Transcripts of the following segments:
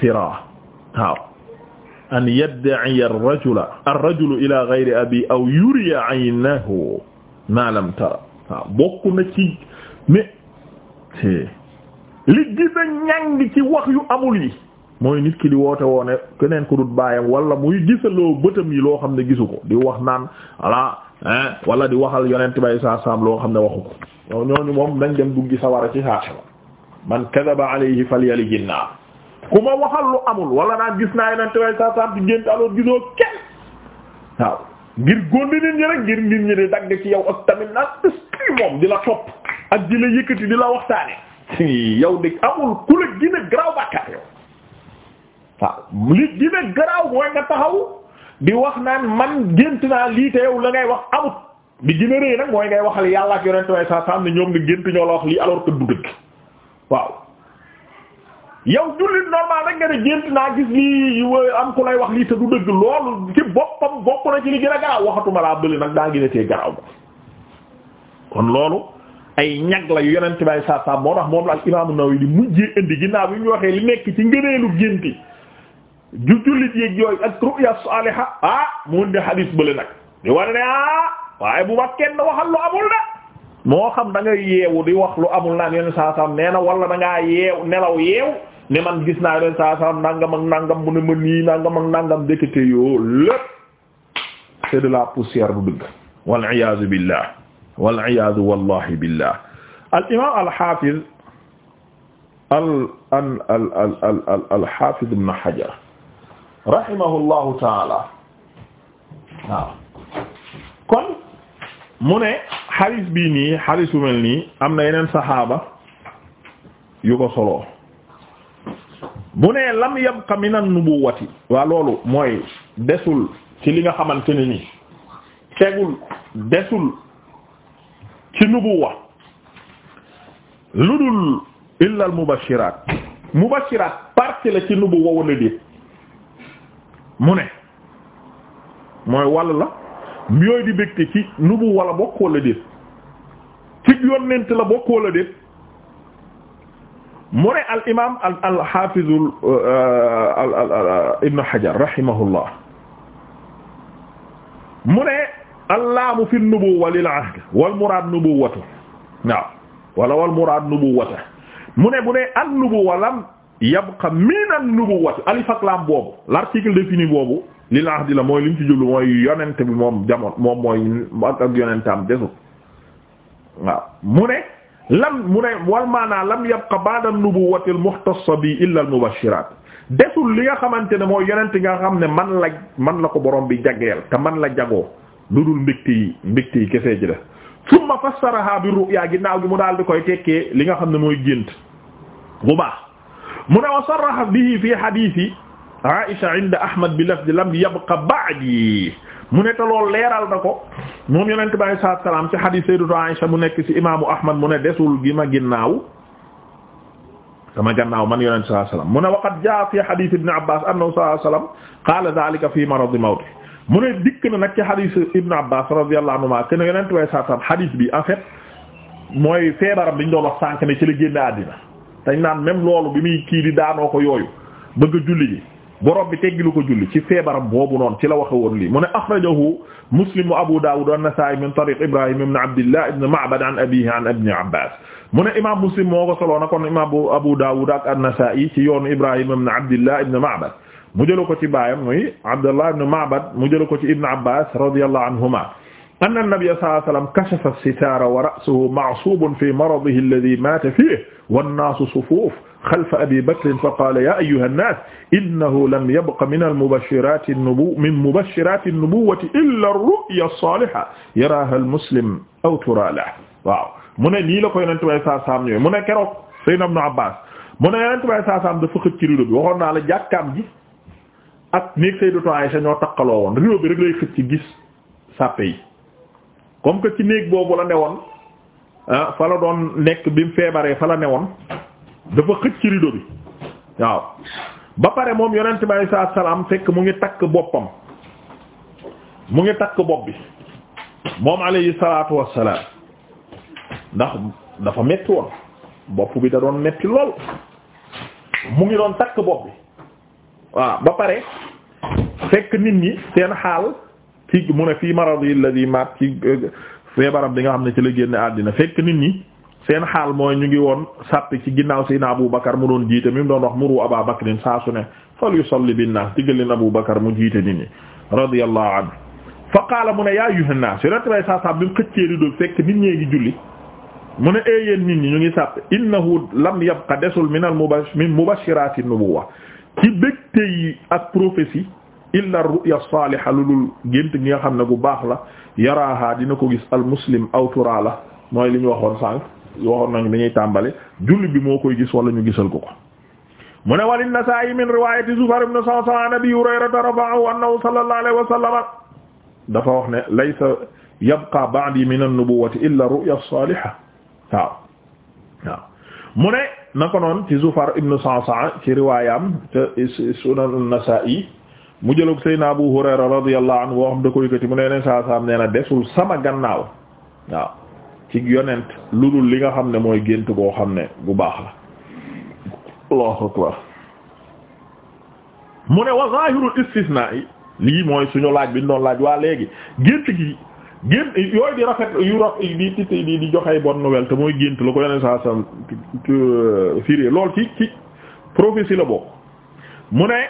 firaa waaw an yadda'i ar-rajula ar-rajulu ila ghayri abi aw yuriya aynahu ma lam tara bokk na ci mais li gën a ci wax yu amul yi mooy nit ki li woote woone keneen ku dut baayam wala muy gisaloo bëtam yi loo xam ne gisu ko di wax naan voilà wala di waxal yonent bay saa saam loo xam ne waxu ko ñooñu moom dañ dem duggi sawara ci saasa la man kadaba alayhi falyali jinnaar ku ma waxal lu amul wala naan gis naa yeneen way sa sam ci gént alors gisoo kenn waaw ngir góndi nit ñi rek ngir nit ñi di dagg ci yow ak tamit naan ëski moom di la topp ak di la yëkkati di la waxtaane yow de amul ku la gën a garaaw bàkkaar yow waaw li gën garaaw mooy nga taxaw di wax naan man gént naa lii te yow la ngay wax amut di gën a nag mooy ngay waxal yàlla ak yonent way sa sam ne ñoom nga gént ñoo la wax lii alors que du yow jullit normal rek nga ne gént naa gis lii am ku lay wax lii te du dëgg loolu ci boppam bokk na ci li gën a garaaw waxatuma laa bëli nag daa gën a tee kon loolu ay ñag la yu yonent bay saa moo tax moom la ak imaamu Nawawi di mujjee indi ginnaaw bi ñu waxee li nekk ci ngëneelu génti ju jullit yéeg yooyu ak ru'ya saaliha ah mun di hadis bële nag di war ne ah waaye bu ma kenn waxal lu amul da moo xam da nga yeewu di wax lu amul naan yonent saa na wala da ngaa nelaw yeew ne man gis naa leen saa saa nangam ak nangam mu ne ma nii nangam ak nangam dëkkate yoo lépp c'est de la bu dëgg wal iyaazu wallahi billah al imam al hafiz al an al taala waaw kon mu ne xadis bii nii xadis bu mel am na yeneen saxaaba yu bu nee lam yabqa min an-nubuwati waa loolu mooy desul ci li nga xamante ne nii tegul desul ci nubuwa lu dul illa al-mubashiraat mubashiraat partie la ci nubuwa wala déet mu ne mooy wàll la yooyu di bégte ci nubuwa la bokk wala déet ci yonent la bokk wala déet mu ne al imaam al al xaafizul euh, al al ibn Hajar ne wal muraad nubuwwatu waaw wala wal muraad nubuwwatu mu ne bu ne al nubuwwa lam yabqa min an nubuwwati alif laam boobu l'article défini boobu lil ahd la mooy li mu mooy yonent bi moom jamono moom mooy ak yonentam desul waaw mu ne. lam mu ne lam yabqa ba'da an-nubuwwati al-muhtassa bi illa al desul li nga xamante ne mooy yonent nga xam ne man la man la ko borom bi jagleel te man la jagoo lu dul mbégte yi ji la summa fassaraha bi ru'ya ginnaaw gi mu daal di koy tekkee li nga xam ne mooy gént bu baax mu ne wa sarraha bihi fi hadiisi Aisha inda Ahmad bi lafzi lam yabqa ba'di mu ne te loolu leeral na ko moom yonent bi alayhi salaatu salaam ci hadith Sayyidatu Aisha bu nekk ci imaamu Ahmad mu ne desul gi ma ginnaaw sama gannaaw man yonent sallallahu alayhi mu ne waqad jaa fi hadith Ibn Abbas annahu sallallahu alayhi wasallam qaala dhaalika fi maradi mawti mu ne dikk na nag ci hadith Ibn Abbas radiyallahu anhuma ken yonent bi alayhi salaatu salaam hadith bi en fait mooy feebaram bi ñu doon sànq ne ci la génn àddina dañ naan même loolu bi muy kii di daanoo ko yooyu bëgg julli ji borom bi teggilu ko julli ci feebaram boobu noonu ci la waxe woon li mu ne axrajahu muslim wa abu dawud wa an-nasa'i min tariq ibrahim ibn abdillah ibn ma'bad an abihi an ibn abbas mu ne imam muslim moo ko soloo na kon imam abu dawud ak an-nasa'i ci yoonu ibrahim ibn abdillah ibn ma'bad mu jëla ko ci baayam muy abdullah ibn ma'bad mu jëla ko ci ibn abbas radiyallahu anhuma anna nabiyya sallallahu alayhi wa sallam kashafa as-sitaara wa ra'suhu ma'suubun fi maradihi alladhii maata fiihi wan-naasu sufuuf xalfa abii bakrin faqaala yaa ayyuha nnaas innahu lam yabqa min al-mubashshiraati an-nubuwwati min mubashshiraati an-nubuwwati illaa ar-ru'ya as-saaliha yaraaha al-muslim aw turaa lahu waaw mu ne lii la ko Yonent bi saa saam ñëwee mu ne keroog Seydina Ibnu Abbaas mu ne Yonent bi saa saam dafa xëcc rido bi waxoon naa la jàkkaam gi ak néeg Sayyidatu Aysa ñoo taqaloo woon rido bi rek lay xëcc gis sàppe yi comme que ci néeg boobu la newoon ah fa la doon nekk bi mu feebaree fa la newoon dafa xëcc rido bi waaw ba pare moom yonent bi alayhi salaatu salaam fekk mu ngi takk boppam mu ngi takk bopp bi moom alayhi salaatu wassalaam ndax dafa metti woon bopp bi da doon metti lool mu ngi doon takk bopp bi waaw ba pare fekk nit ñi seen xaal ci mu ne fii maradi alladhi maat ci euh, feebaram bi nga xam ne ci la génne àddina fekk nit ñi seen xaal mooy ñu ngi woon sàpp ci ginnaaw Seydina Abu Bakar mu doon jiite mi mu doon wax muru Aba Bakrin saa su ne fal yusalli binnaas diggaleen Abu Bakar mu jiite nit ñi radiyallahu anhu fa qaala mu ne yaa ayyuhan naas yonente bay saa sab bi mu xëccee rido fekk nit ñee ngi julli mu ne éeyéen nit ñi ñu ngi sàpp innahu lam yabqa desul min al mubash min mubashirati nubuwwa ci bégte yi ak prophétie illa ruya saaliha lu dul gént gi nga xam ne gu baax la yaraaha dina ko gis al muslim aw tura la mooy li ñu waxoon sànq waxoon nañu dañuy tàmbale bi moo koy gis wala ñu gisal ko ko mu ne wali nasaa'i min riwaayati zufar ibn sa'sa'a nabi hurayrata rafa'ahu annahu sallallahu dafa wax ne laysa yabqa ba'di min an-nubuwwati ne naka noon ci sunan nasai mu jëlog Seydina Abu Hurayra radiyallahu anhu woo xam da ko yëkkati mu ne yeneen saa saam nee na desul sama gannaaw waaw ci yonent lu dul li nga xam ne mooy gént boo xam ne bu baax la Allahu mu ne wa zahirul istisna yi mooy suñu laaj bi ñu doon laaj waa léegi gént gi gént yooyu di rafet yu ra di di di joxe bonne te mooy gént la ko yeneen saa saam firé lool ci ci prophétie la bokk mu ne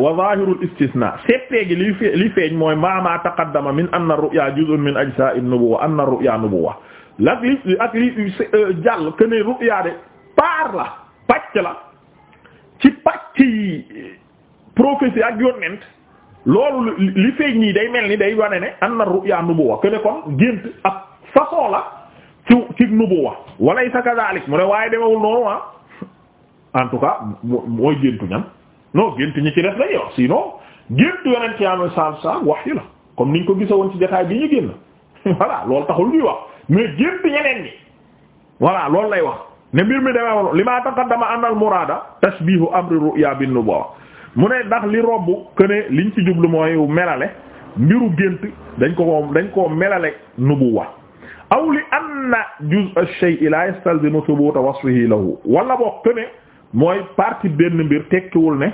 wa zahirul istisna seppee gi li li mooy ma ma taqaddama min anna ar-ru'ya juz'un min ajsa'in nubuwwa anna ar-ru'ya nubuwwa lak li ak euh, euh, ru'ya de par la pàcc la ci pàcc yi prophétie ak yonent loolu li feeñ nii day mel ni day wane ne anna ar-ru'ya nubuwwa que ne kon gént ab ci ci nubuwwa walaysa kadhalik mu ne waaye demewul noonu ah en mooy géntu ñam non gént ñi ci def lañuy wax sinon gént yonent ci am saab saab wax yu la comme niñ ko gisa woon ci jotaay bi ñu génn voilà loolu taxul ñuy wax mais gént ñeneen ñi voilà loolu lay wax ne mbir mi demee woon li maa taqaddama anal muraada tashbihu amri ru'ya bin nubuwa mu ne ndax li robb que ne liñ ci jublu mooy melale mbiru gént dañ ko ko dañ koo melale nubuwa aw li anna a ash-shay'i la yastalzimu thubuta wasfihi lahu wala boog que mooy partie benn mbir tekkiwul ne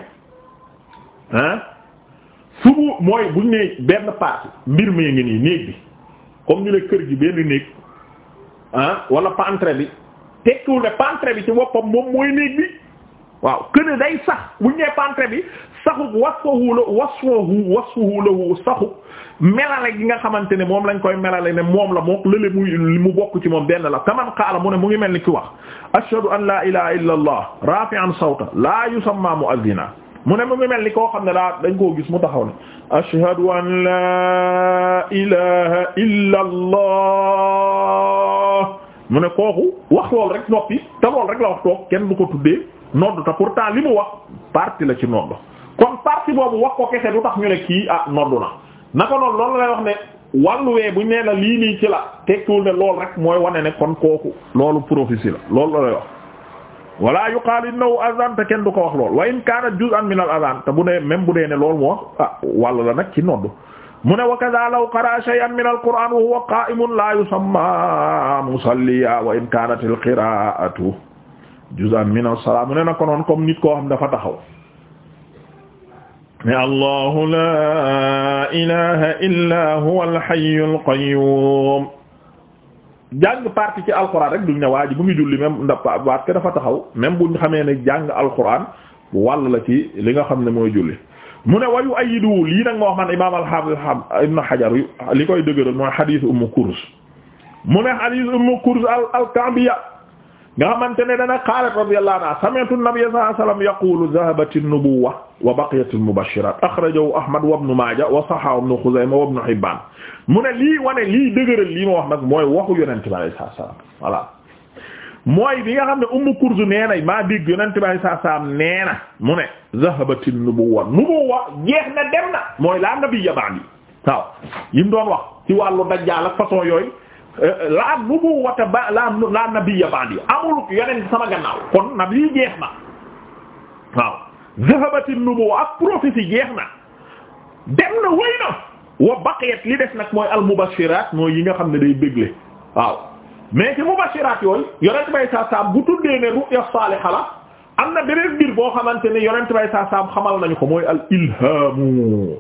ah subu mooy bu ne benn partie mbir mi ngi nii néeg bi comme ñu ne kër gi benn néeg ah wala pantre bi tekkiwul ne pantre bi ci woppam moom mooy néeg bi waaw këne day sax bu ñu nee pantre bi saxuk wasfahu la wasfahu wasfahu gi nga xamante ne moom lañ koy melale ne moom la mook lële muy mu bokk ci moom benn la kaman qaala mu ne mu ngi mel ni ki wax ashhadu an la ilaha illa allah rafi'an sawta la yusamma mu'adhdhina mu ne mu ngi mel ni koo xam ne daa dañ koo gis mu taxaw ne an la ilaha illa allah mu ne kooku wax lool rek noppi te lool rek la wax toog kenn du ko tuddee nodd ta pourtant li mu wax parti la ci nodd kon parti boobu wax ko kese du tax ñu ne kii ah noddu na naka noonu loolu lay wax ne wàlluwee bu nee la lii ci la tekkiwul ne loolu rek mooy wane ne kon kooku loolu prophétie la loolu lay wax wala yuqaal innahu azan te kenn du ko wax lool wa in kaana juz'an min al azan bu dee même bu dee ne loolu mu wax ah wàll la nag ci nodd mu ne wa kaza law qara shay'an min al qur'an wa huwa qa'imun la yusamma musalliya wa juz'an min a salat mu ne na ko noon comme nit koo xam dafa taxaw ne allahu la ilaha illa huwa al-hayyul qayyum jàng parti ci alquran rek duñ ne waa bu ngi julli même ndax waat ke dafa taxaw même buñ xamee ne jàng alquran wàll la ci li nga xam ne mooy julli mu ne wayu ayidu lii nag moo xam ne imaam al-Hafiz ibn Hajar li koy dëgëral mooy hadith Umm Kurz mu hadith Umm Kurz al-Ka'biyya nga xamante ne dana qaalat radiyallahu anha sami'tu nabiyya sallallahu alayhi wasallam yaqulu dhahabat an-nubuwwa wa baqiyat al-mubashirat akhrajahu ahmad wa ibn majah wa sahhahu ibn khuzaimah wa ibn hibban mu ne lii wane lii dëgëral lii ma wax nag mooy waxu yonent bi sallallahu alayhi wasallam voilà mooy bi nga xam ne ummu kurzu nee na maa dégg yonent bi sallallahu alayhi wasallam nee na mu ne dhahabat an-nubuwwa nubuwwa jeex na dem na mooy la nabiyya ba'di waaw yim doon wax ci wàllu dajjaal ak façon yooyu laa nubuwata ba laa laa nabiyya ba'di amul yeneen sama gannaaw kon nabi jeex na waaw zahabati nubuwa ak prophétie jeex na dem na wéy na wa baqiyat li des nag mooy al mubashiraat mooy yi nga xam ne day bégle waaw mais ci mubashiraat yooyu yonent bay saa saam bu tuddee ne ru'ya saaliha la am na beneen mbir boo xamante ne yonent bay saa saam xamal nañu ko mooy al ilhaamu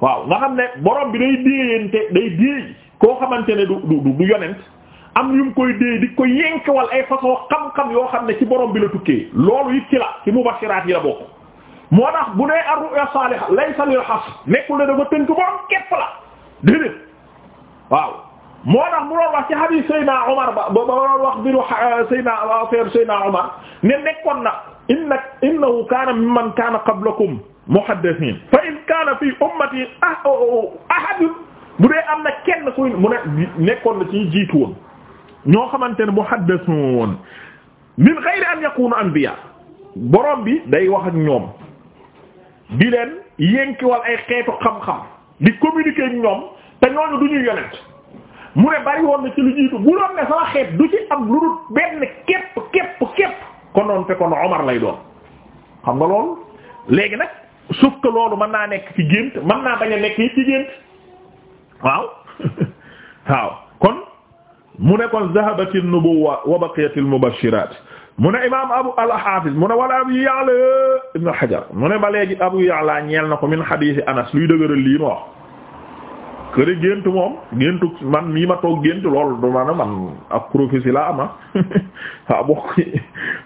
waaw nga xam ne borom bi day déeyante day déey koo xamante ne du du du yonent am yu mu koy dee di ko yenkewal ay façon xam-xam yoo xam ne ci borom bi la tukkee loolu it ci la ci mubashiraat yi la bokk moo tax bu nee ar-ru'ya saaliha laysa lil xas nekkul ne dafa tënk borom képp la déedéet waaw moo tax mu doon wax ci hadith Seydina Omar ba ba doon wax biiru eh, Seydina affaire Seydina Omar ne nekkoon na inna innahu kaana mimman kaana qablakum muhaddithin fa in kaana fi ummati ah, oh, oh, oh, ahadun bu dee am na kenn kuy mu ne nekkoon na ci jiitu woon ñoo xamante ne muhaddathun min ghayri an yakunu anbiya boroom bi day wax ak ñoom di leen yénkiwal ay xeetu xam-xam di communiquer ak ñoom te ñooñu du ñuy yonent mu ne bari woon na ci lu jiitu bu doon ne sama xeet du ci am lu dul benn képp képp képp kon noonu Omar lay doon xam nga loolu léegi nag suuf que loolu mën naa nekk ci gént mën naa bañ a nekk ci gént waaw waaw kon mu ne kon zahabati nubuwwa wa baqiyati al-mubashirat mu ne imaam abu al-hafiz mu ne wala abu ya'la ibn hajar mu ne ba léegi abu ya'la ñeel na ko min hadith anas luy dëgëral lii ma wax këre gént moom géntu man mii ma toog gént loolu du man man ak prophétie la ama ah. waaw ah, bokk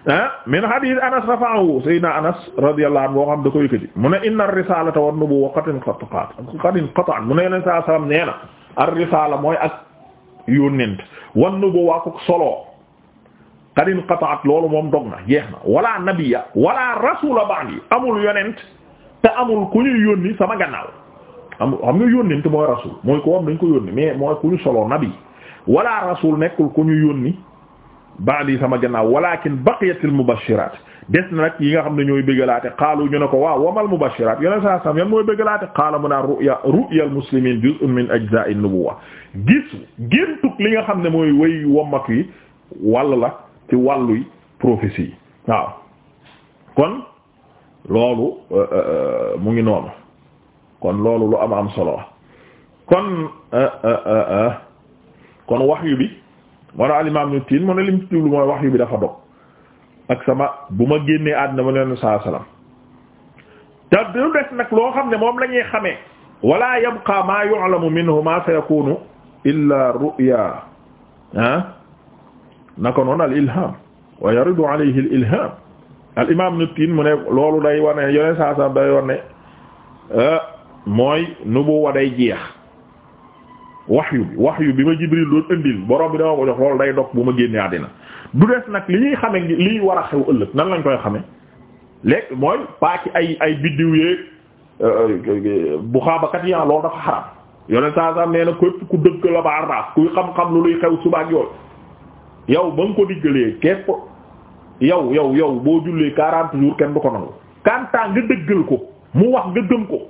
ah min hadith anas rafa'ahu sayyidina anas radiyallahu anhu boo xam da ko yëkkati mu ne inna ar-risalata wan nubuwwa inqata'at mu ne yeneen saa sallam nee mooy ak yónnent wan nubuwwa ko solo qad inqata'at loolu moom dog na wala nabiyya wala rasula ba'di amul yonent te amul ku ñuy yónni sama gannaaw am xam nga yónnent mooy rasul mooy ko am dañ ko yónni mais mooy ku ñu solo nabi wala rasul nekkul ku ñu yónni baadi sama gannaaw walakin baqiyatil mubashiraat des na nag yi nga xam ne ñooy bëggalaate xaalu ñu ne ko waaw wamal mubashiraat yeneen saa sam yan mooy bëggalaate xaala mu naa ruya ruyal muslimin juz'un min ajza'in nubuwwa gis géntug li nga xam ne mooy way wommat yi wàll la ci wàlluy prophétie yi waaw kon loolu euh, euh, euh, mu ngi noonu kon loolu lu am am solo kon euh, euh, euh, kon waxyu bi moo na alimaam ñu tiin mu ne lim ci jublu waxyu bi dafa dog ak sama bu ma génnee àddina ma leen saa salaam te du def nag loo xam ne moom lañuy ñuy xamee wala yabqa ma yu'lamu minhu ma sayakunu illa ru'ya ah naka noonu al ilham wa yaridu alayhi al ilham al imam mu ne loolu day wane yoneen saa salaam day mooy nu nubuwa day jeex wax yu bi yu bi ma Jibril doon indil borom bi dama ko jox loolu day dog bu ma génnee àddina du des nag li ñuy xame liy war a xew ëllëg nan lañ koy xame lekk mooy paa ci ay ay biddiw yeeg euh, bu xaabakat yi ah, loolu dafa xaram yoneen saa saa nee na képp ku dëgg la ba ardaaf kuy xam-xam lu luy xew suba ak yooyu yow ba nga ko diggalee képp yow yow yow boo jullee quarante jours kenn du ko nangu kantaa nga dëggal ko mu wax nga gëm ko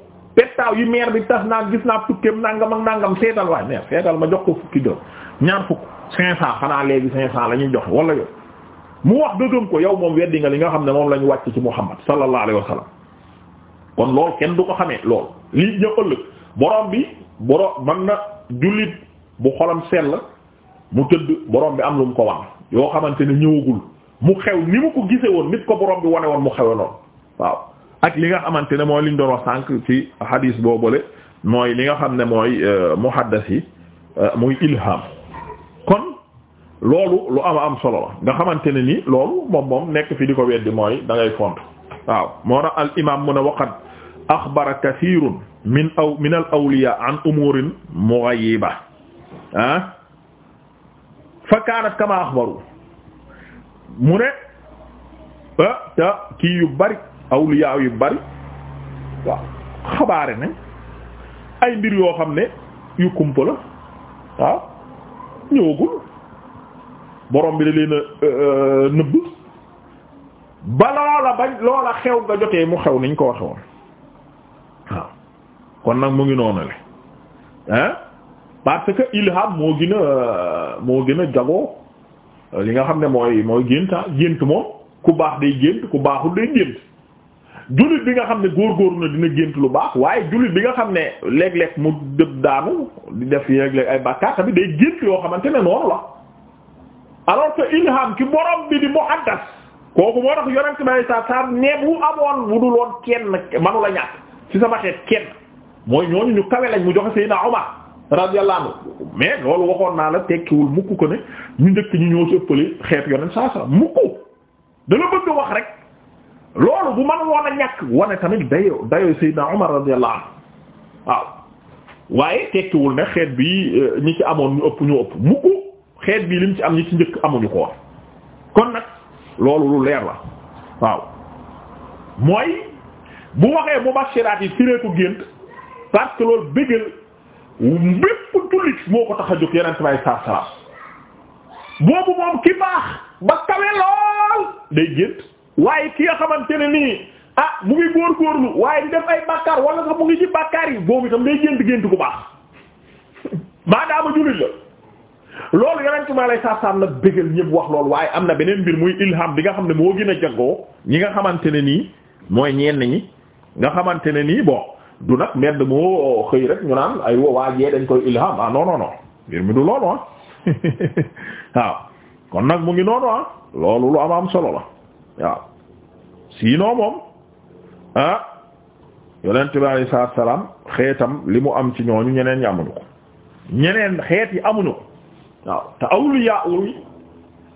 waaw yu maire bi tas naa gis naa tukkeem nangam ak nangam seetal waay maire seetal ma jox ko fukki dërëm ñaar fukk cinq cent xanaa léegi cinq cent la ñuy joxe wala yow mu wax dëggam ko yow moom weddi nga li nga xam ne moom la ñu wàcc ci Muhammad sallallahu alayhi wa sallam kon loolu kenn du ko xamee lool lii ñëw ëllëg borom bi borom mën na jullit bu xolam sell mu tëdd borom bi am lu mu ko wax yoo xamante ne ñëwagul mu xew ni mu ko gisee woon nit ko borom bi wane woon mu xewe noonu ak li nga xamante ne mooy liñ doon wax sànq ci hadis boobule mooy li nga xam ne mooy euh, muhaddas yi euh, muy ilham kon loolu lu am am solo la nga xamante ne ni loolu moom moom nekk fi di ko weddi mooy da font waaw moo tax al imam mun a waqat axbara kathirun min aw min al awliya an umurin mughayyiba ah fa kaanat kama axbaru mu ne ah, te kii yu bari aw yaaw yu bari waaw xabaare nañ ay mbir yoo xam ne yu kumpa la waaw ñëwagul borom bi da leen a euh, euh, nëbb ba loola bañ loola xew nga jotee mu xew niñ ko waxe waaw kon nag mu ngi noonu le hein parce ilham moo gën a moo gën a jagoo li nga xam ne mooy mooy génta ah, gént moom ku baax day gént ku baaxul day gént jullit bi nga xam ne góor na dina gént lu baax waaye jullit bi nga xam ne léeg-léeg mu dëb daanu di def léeg-léeg ay bàkkaar bi day gént yoo xamante ne noonu la alors que ilham ci borom bi di muhaddas kooku moo tax yonent bay sa sam ne bu amoon bu dul woon kenn la ñàkk ci sama xeet kenn mooy ñooñu ñu kawe lañ mu joxe Seydina Omar radiyallahu anhu mais loolu waxoon naa la tekkiwul mukk ko ne ñu njëkk ñu ñoo xeet yonent saa sa mukk da la bëgg wax rek loolu bu man woon a ñàkk wane tamit dayo dayo Seydina Umar radiyallahu anhu waaw waaye tekkiwul ne xeet bi euh, ñi ci amoon ñu ëpp ñu ëpp mukk xeet bi lim ci am ñi ci njëkk amuñu ko woon kon nag loolu lu leer la waaw mooy bu waxee mubashiraat yi fireeku gént parce que loolu ko tax a jóg yeneen bay saa salaam boobu moom ki baax ba kawe lool day gént waaye ki nga xamante ne nii ah mu ngi góorgóorlu waaye di def ay bàkkaar wala sax mu ngi ci bàkkaar yi boobu itam day gént gént bu baax maadaama jullit la loolu yonent ma lay saasaan nag bégal ñëpp wax loolu waaye am na beneen mbir muy ilham bi nga xam ne moo gën a jaggoo ñi nga xamante ne nii mooy ñenn ñi nga xamante ne nii bon du nag medd moo xëy rek ñu naan ay waajee dañ koy ilham ah non non non mbir mi du loolu ah waaw kon nag mu ngi noonu ah loolu lu am am solo la waaw sinon moom ah yonent bi alayhi salaam xeetam li mu am ci ñooñu ñeneen ñi amuñu ko ñeneen xeet yi amuñu ko waaw te awliya yi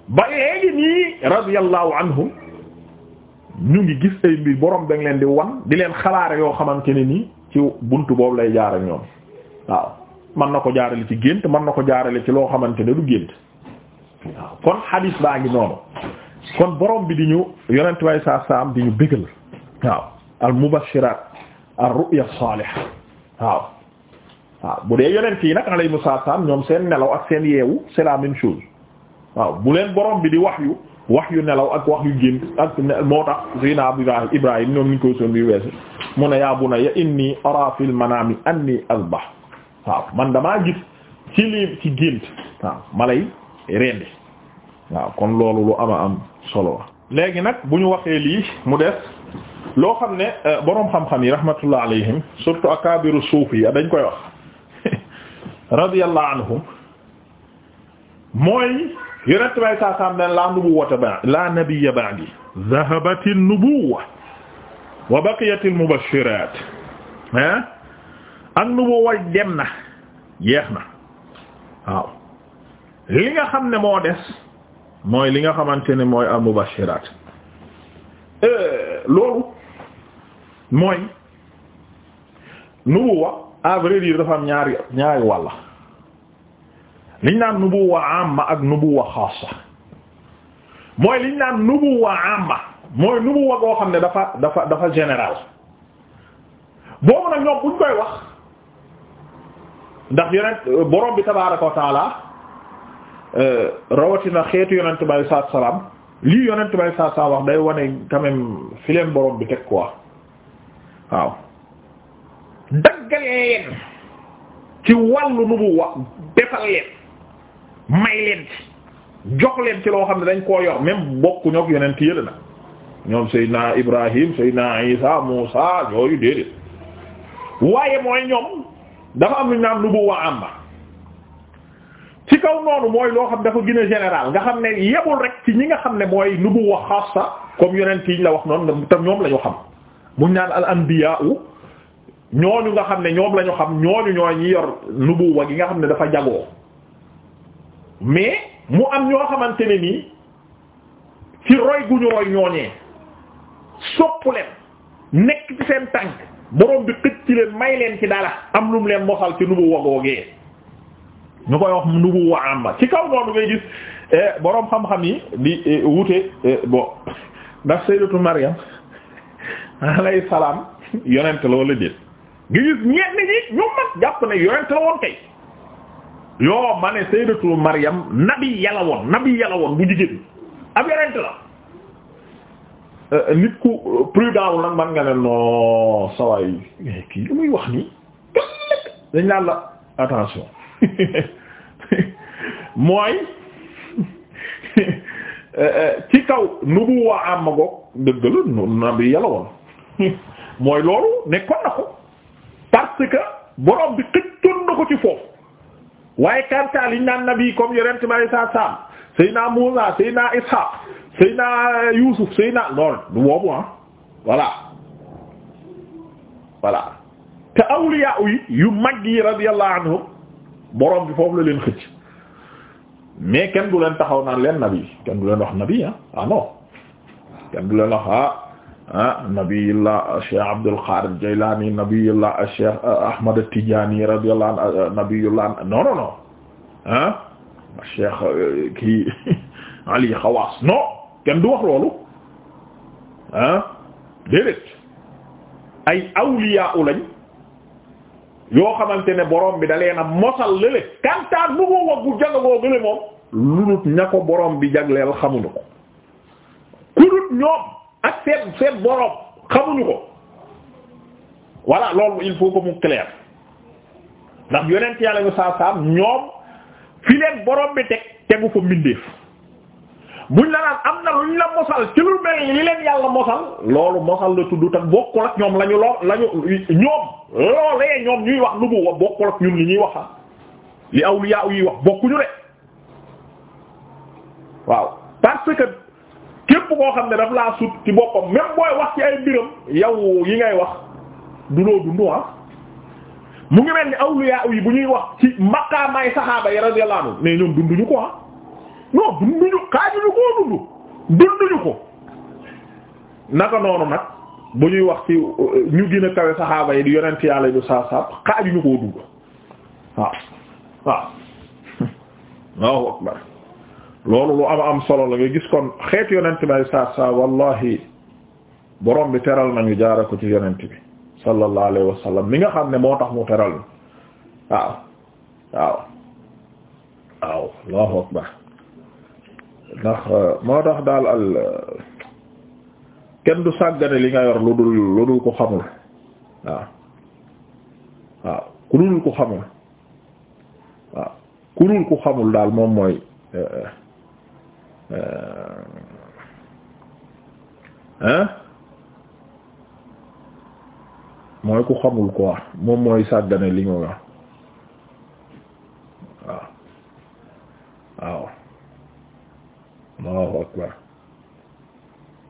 ba léegi nii radiyallahu anhum ñu ngi gis tey mbir borom da nga leen di wan di leen xalaare yoo xamante ne nii ci bunt boobu lay jaar ñoom waaw mën na ko jaarale ci gént mën na ko jaarale ci loo xamante ne du gént waaw kon hadis baa ngi noonu kon borom bi di ñu yonent way saa saam di ñu bégal waaw al mubashiraat ar ru'ya saaliha waaw waaw bu dee yonent yi nag alayhimu salaam ñoom seen nelaw ak seen yeewu c'est la même waaw bu leen borom bi di wax yu wax yu nelaw ak wax yu gént ak moo tax Seydina Abu Ibrahim ñoom ñu koy son bi weesu mu ne yaa bunayya inni araa fil manaami anni azbah waaw man damaa gis ci lii ci gént waaw ma lay rendi waaw kon loolu lu ama am solo léegi nag bu ñu waxee lii mu des loo xam ne euh, boroom xam-xam yi rahmatullah alayhim surtout akabiru suufi yi dañ koy wax radiyallahu anhum mooy yonent bay saa saam ne la nubuwwata ba la nabiyya ba'di dhahabat an-nubuwwa wa baqiyat al-mubashirat ah an dem na jeex na waaw li nga xam ne moo des mooy li nga xamante ni mooy al mubashiraat euh, loolu mooy nubuwa à dafa am ñaari ñaari wàlla liñ naan nubuwa amma ak nubuwa xaasa mooy liñ naan nubuwa amma mooy nubuwa goo xam ne dafa dafa dafa général boobu nag ñoom buñ koy wax ndax yeneen borom bi tabaaraka wa Euh, rawatina xeetu yonent bay saat salaam lii yonent bay saat salaam wax day wane quand fi leen borom bi teg quoi waaw daggalee leen ci wàllu nubuwa defal leen may leen ci jox leen ci loo xam ne dañ koo yor même bokku ñook yonent yële na ñoom Seydina Ibrahim naa Isa Muusa yooyu déedéet waaye mooy ñoom dafa am lu ñu naan nubuwa amma ci kaw noonu mooy loo xam dafa gën a général nga xam ne yebul rek ci ñi nga xam ne mooy nu bu wax xaasa comme yonent yi la wax noonu tam ñoom la ñu xam muñ naan al anbiya ñooñu nga xam ne ñoom la ñu xam ñooñu ñoo ñi yor nubuwa gi nga xam ne dafa jagoo mais mu am ñoo xamante ne nii ci roy gu ñu roy ñooñee sopp leen nekk ci seen tànk borom bi xëcc ci leen may leen ci dara am lu mu leen mosal ci nubuwa googee ñu koy wax nubuwa amma ci kaw noonu ngay gis eh, boroom xam-xam yi di eh, wute eh, bon ndax sayyidatu Maryam alayhi salaam yonent la wala déet nga gis ñenn ñi ñu mag jàpp ne yonent la woon kay yoo ma ne sayyidatu Maryam nabi yàlla woon nabi yàlla woon bu jigéen ab yonent la nit ku prudent nag man nga ne non sawaay kii lu muy wax nii dañ naan la attention mooy ci kaw nubuwa am goog dëgg la nabi yàlla woon mooy loolu nekkoon na ko parce que borom bi xëccoon na ko ci foofu waaye kantaal yi naan nabi comme yonent bi alayhi salaam Seydina Muusa Seydina Ishaq Seydina Yuusuf Seydina loolu du boobu ah voilà voilà te awliya yi yu mag yi anhum borom bi foofu la leen xëcc mais kenn du leen taxaw naan leen nabi kenn du leen wax nabi ah ah non kenn du leen wax ah ah nabiyullah Cheikh Abdul Qadir Jaylaani nabiyullah Cheikh ah, Ahmad Tidiane radiyallahu anhu ah, nabiyullah non non non ah Cheikh ah, kii Ali Xawaas non kenn du wax loolu ah déedéet ay awliyaa lañ. yoo xamante ne boroom bi da na a mosal lële kantaan mu ngo wag gu jagagoo gële moom ludut ña ko borom bi jagleel xamuñu ko kudut ñoom ak seen seen borom xamuñu ko voilà loolu il faut que mu ndax yonent yàlla ñu saa saam ñoom fi leen borom bi teg tegu fa mbindeef buñ la naan am na luñ la mosal ci lu mel li leen yàlla mosal loolu mosal la tudd te bokkul ak ñoom la ñu loo la ñu ñoom loolee ñoom ñuy wax lu mu wax bokkul ak ñun li ñuy wax li awliya yi wax bokkuñu de waaw parce que képp koo xam ne daf laa sut ci boppam même booy wax ci ay biram yow yi ngay wax du loo dund ah mu ngi mel ni awliya yi bu ñuy wax ci maqaamaay saxaaba yi radiyallahu anhu mais ñoom dunduñu ko ah. non dunduñu xaajuñu koo dund dunduñu ko naka noonu nag bu ñuy wax ci ñu gën a kawe saxaaba yi di yonent yàlla du saab saab xaajuñu koo dund waaw waaw Allahu akbar loolu lu am am solo la nga gis kon xeet yonent bay saab saab wallahi borom bi teral nañu jaara ko ci yonent bi sallallahu alayhi wa sallam nga xam ne moo tax mu teral waaw waaw waaw Allahu akbar ndax euh, moo tax daal al euh, kenn du sàggane li nga yor lu dul lu dul ko xamul waaw waaw ku dul ko xamul waaw ku dul ko xamul daal moom mooy euh, hein mooy ku xamul quoi moom mooy sàggane li nga yor Allahu akbar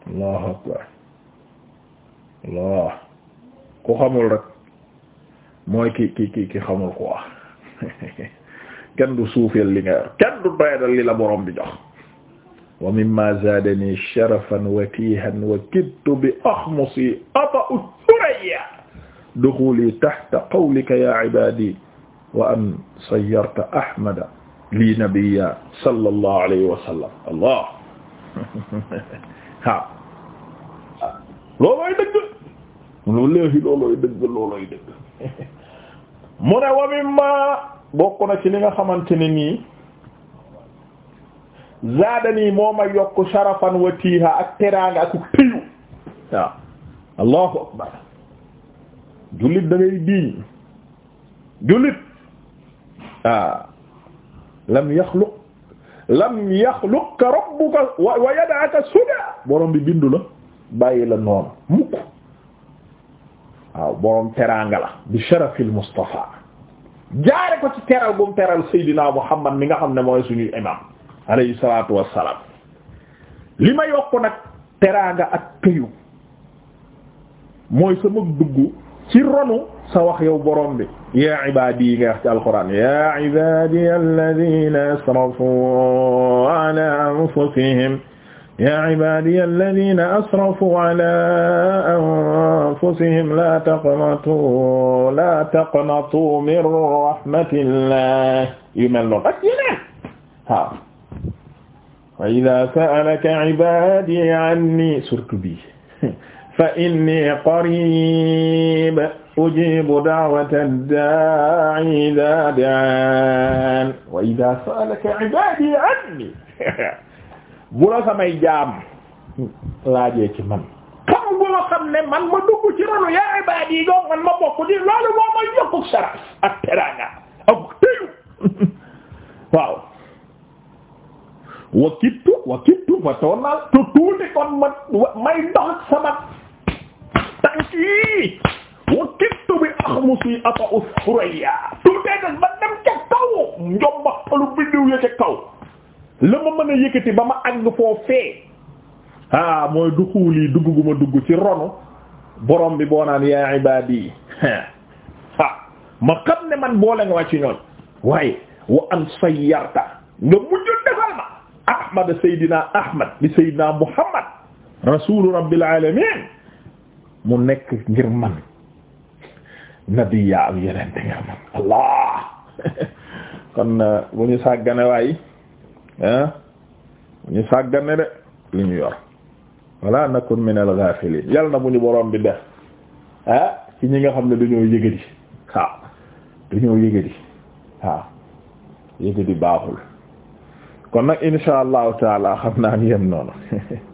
Allahu akbar Allah ku xamul rek mooy ki ki ki ki xamul quoi kenn du suufeel li nga yor kenn du doyadal li la borom bi jox wa mimma zaadani sharafan wa tiihan wa kittu bi axmusi ata'u thuraya duxuli tahta qawlika ya ibadi wa an sayyarta ahmada li nabiyya sallallahu allah waaw loolooy dëgg mu ne wa mimma bokk na ci li nga xamante ne nii zaadanii moo ma yokk sharafan wa tiiha ak teraanga ak tëyu waaw allahu akbar jullit da ngay diiñ jullit lam yaxluq lam yaxluq ka rabbuka wa yad'aka suda borom bi bindu la bàyyi la noonu mukk waaw borom teraanga la bi sharafil Mustafa jaare ko ci teral bu mu Seydina Muhammad mi nga xam ne mooy suñuy imam alayhi salaatu wassalaam li ma yokk nag teraanga ak këyu mooy sama dugg ci ronu sa wax yow borom bi yaa ibadi yi nga wax ci alquran yaa ibadi alladina asrafu ala anfusihim yaa ibadi alladina asrafu ala anfusihim la taqnatu la taqnatu min rahmatillah yu mel noonu ak yeneen waaw wa ida sa'alaka ibadi anni surtout bi fa inni qarib ujibu da'wata daa'i idaa da'aan wa idaa sa'alaka ibaadi anni bu la jaam laajee ci man xam nga loo ne man ma dugg ci ronu yaa ibaadi yi man ma bokk loolu moo ma yokku saraf ak teraanga ak tëyu waaw wa kittu kon may dox sama tànk musi ata us furaya tuutee des ba dem ca kaw njombaxtalu bindiw ya ca kaw la ma mën a yëkkati ba ma àgg foofee ah mooy duxuuli dugg dugg ci ronu borom bi boo naan yaa ibaadi ah ma xam ne man boole nga ma ci ñoon waaye wa an sayyarta nga mujj defal ma ahmad saydina ahmad bi saydina muhammad rasulu rabbil alamin mu nekk ngir man nabiya ab yenente nga man allah kon euh, bu ñu sàggane waaye ñu sàggane de li ñu yor wala nakun min al ghafilin yal na bu ñu borom bi def ah ci ñi nga xam ne dañoo yëgadi waaw dañoo yëgadi waaw yëgadi baaxul kon nag insha allahu taala xam naa yem noonu